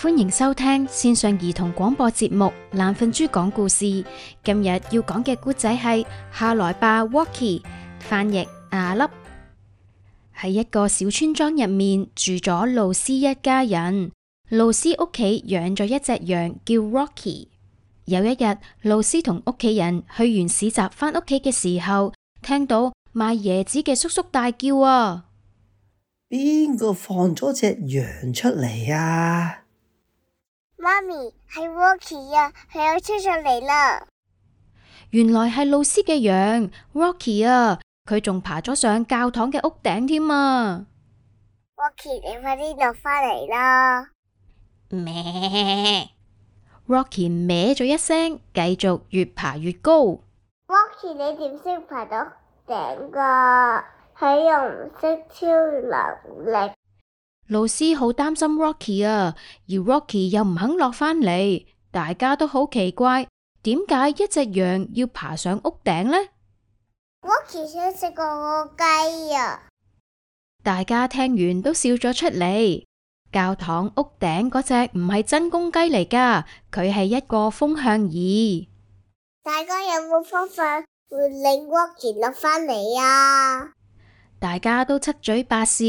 歡迎收聽線上兒童廣播節目《懶瞓豬講故事》。今日要講嘅故仔係下來吧，Rocky 翻譯阿、啊、粒喺一個小村莊入面住咗路絲，一家人。路絲屋企養咗一隻羊叫 Rocky。有一日，路絲同屋企人去完市集，翻屋企嘅時候，聽到賣椰子嘅叔叔大叫啊，邊個放咗隻羊出嚟啊！媽咪係 Rocky 啊，佢又出上嚟啦。原來係老師嘅羊 Rocky 啊，佢仲爬咗上教堂嘅屋頂添啊。Rocky，你快啲落翻嚟啦！咩？Rocky 咩咗一聲，繼續越爬越高。Rocky，你點先爬到頂噶？佢又唔識超能力。路絲好擔心 Rocky 啊，而 Rocky 又唔肯落翻嚟，大家都好奇怪，點解一隻羊要爬上屋頂呢？Rocky 想食個雞啊！大家聽完都笑咗出嚟。教堂屋頂嗰隻唔係真公雞嚟噶，佢係一個風向儀。大家有冇方法會令 Rocky 落翻嚟啊？大家都七嘴八舌。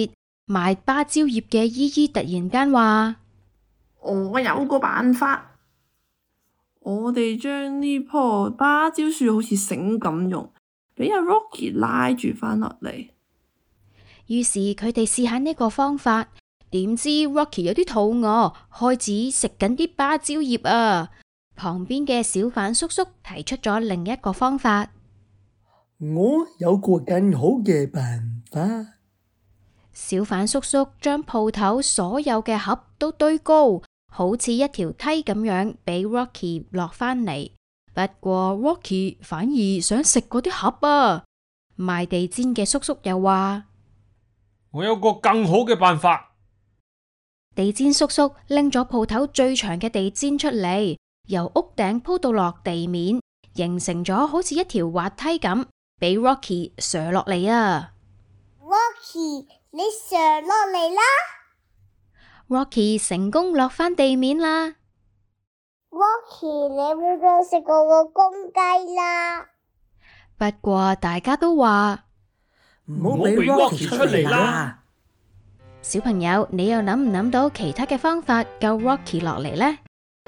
賣芭蕉葉嘅姨姨突然間話：我有個辦法，我哋將呢棵芭蕉樹好似繩咁用，俾阿 Rocky 拉住返落嚟。於是佢哋試下呢個方法，點知 Rocky 有啲肚餓，開始食緊啲芭蕉葉啊。旁邊嘅小販叔叔提出咗另一個方法，我有個更好嘅辦法。小販叔叔將鋪頭所有嘅盒都堆高，好似一條梯咁樣，俾 Rocky 落返嚟。不過 Rocky 反而想食嗰啲盒啊。賣地氈嘅叔叔又話：「我有個更好嘅辦法。地氈叔叔拎咗鋪頭最長嘅地氈出嚟，由屋頂鋪到落地面，形成咗好似一條滑梯咁，俾 Rocky 斜落嚟啊。Rocky。你上落嚟啦，Rocky 成功落翻地面啦。Rocky，你會唔會食過個公雞啦？不過大家都話唔好俾 Rocky 出嚟啦。小朋友，你又諗唔諗到其他嘅方法救 Rocky 落嚟呢？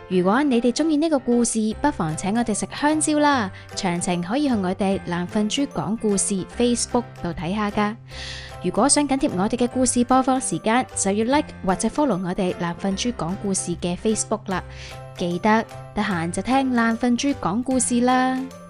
如果你哋中意呢個故事，不妨請我哋食香蕉啦。詳情可以向我哋爛瞓豬講故事，mm hmm. Facebook 度睇下噶。如果想緊貼我哋嘅故事播放時間，就要 like 或者 follow 我哋爛瞓豬講故事嘅 Facebook 啦！記得得閒就聽爛瞓豬講故事啦～